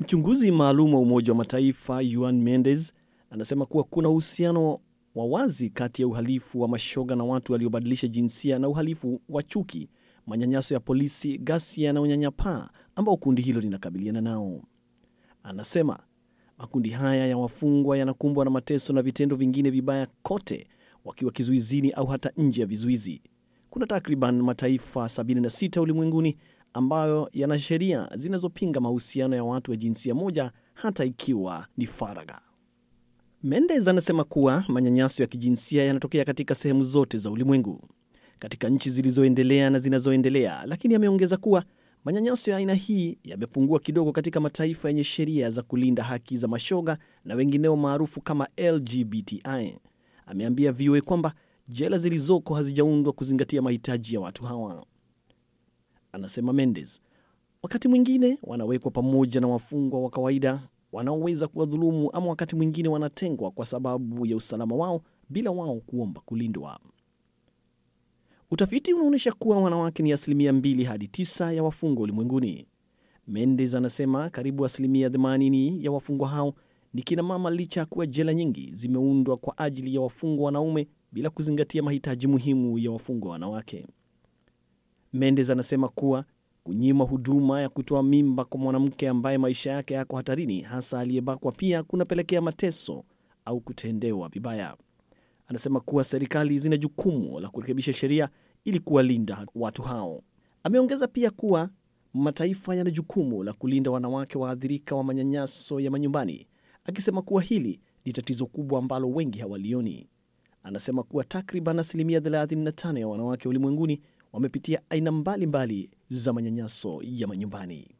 Mchunguzi maalum wa Umoja wa Mataifa Juan mendes anasema kuwa kuna uhusiano wa wazi kati ya uhalifu wa mashoga na watu waliobadilisha jinsia na uhalifu wa chuki, manyanyaso ya polisi, ghasia na unyanyapaa ambao kundi hilo linakabiliana nao. Anasema makundi haya ya wafungwa yanakumbwa na mateso na vitendo vingine vibaya kote wakiwa kizuizini au hata nje ya vizuizi. Kuna takriban mataifa 76 ulimwenguni ambayo yana sheria zinazopinga mahusiano ya watu wa jinsia moja hata ikiwa ni faragha. Mendes anasema kuwa manyanyaso ya kijinsia yanatokea katika sehemu zote za ulimwengu, katika nchi zilizoendelea na zinazoendelea, lakini ameongeza kuwa manyanyaso ya aina hii yamepungua kidogo katika mataifa yenye sheria za kulinda haki za mashoga na wengineo maarufu kama LGBTI. Ameambia VOA kwamba jela zilizoko hazijaundwa kuzingatia mahitaji ya watu hawa anasema Mendes. Wakati mwingine wanawekwa pamoja na wafungwa wa kawaida wanaoweza kuwadhulumu, ama wakati mwingine wanatengwa kwa sababu ya usalama wao bila wao kuomba kulindwa. Utafiti unaonyesha kuwa wanawake ni asilimia 2 hadi 9 ya wafungwa ulimwenguni. Mendes anasema karibu asilimia 80 ya wafungwa hao ni kina mama, licha ya kuwa jela nyingi zimeundwa kwa ajili ya wafungwa wanaume bila kuzingatia mahitaji muhimu ya wafungwa wanawake. Mendes anasema kuwa kunyima huduma ya kutoa mimba kwa mwanamke ambaye maisha yake yako hatarini, hasa aliyebakwa, pia kunapelekea mateso au kutendewa vibaya. Anasema kuwa serikali zina jukumu la kurekebisha sheria ili kuwalinda watu hao. Ameongeza pia kuwa mataifa yana jukumu la kulinda wanawake waathirika wa manyanyaso ya manyumbani, akisema kuwa hili ni tatizo kubwa ambalo wengi hawalioni. Anasema kuwa takriban asilimia 35 ya wanawake ulimwenguni wamepitia aina mbalimbali mbali za manyanyaso ya manyumbani.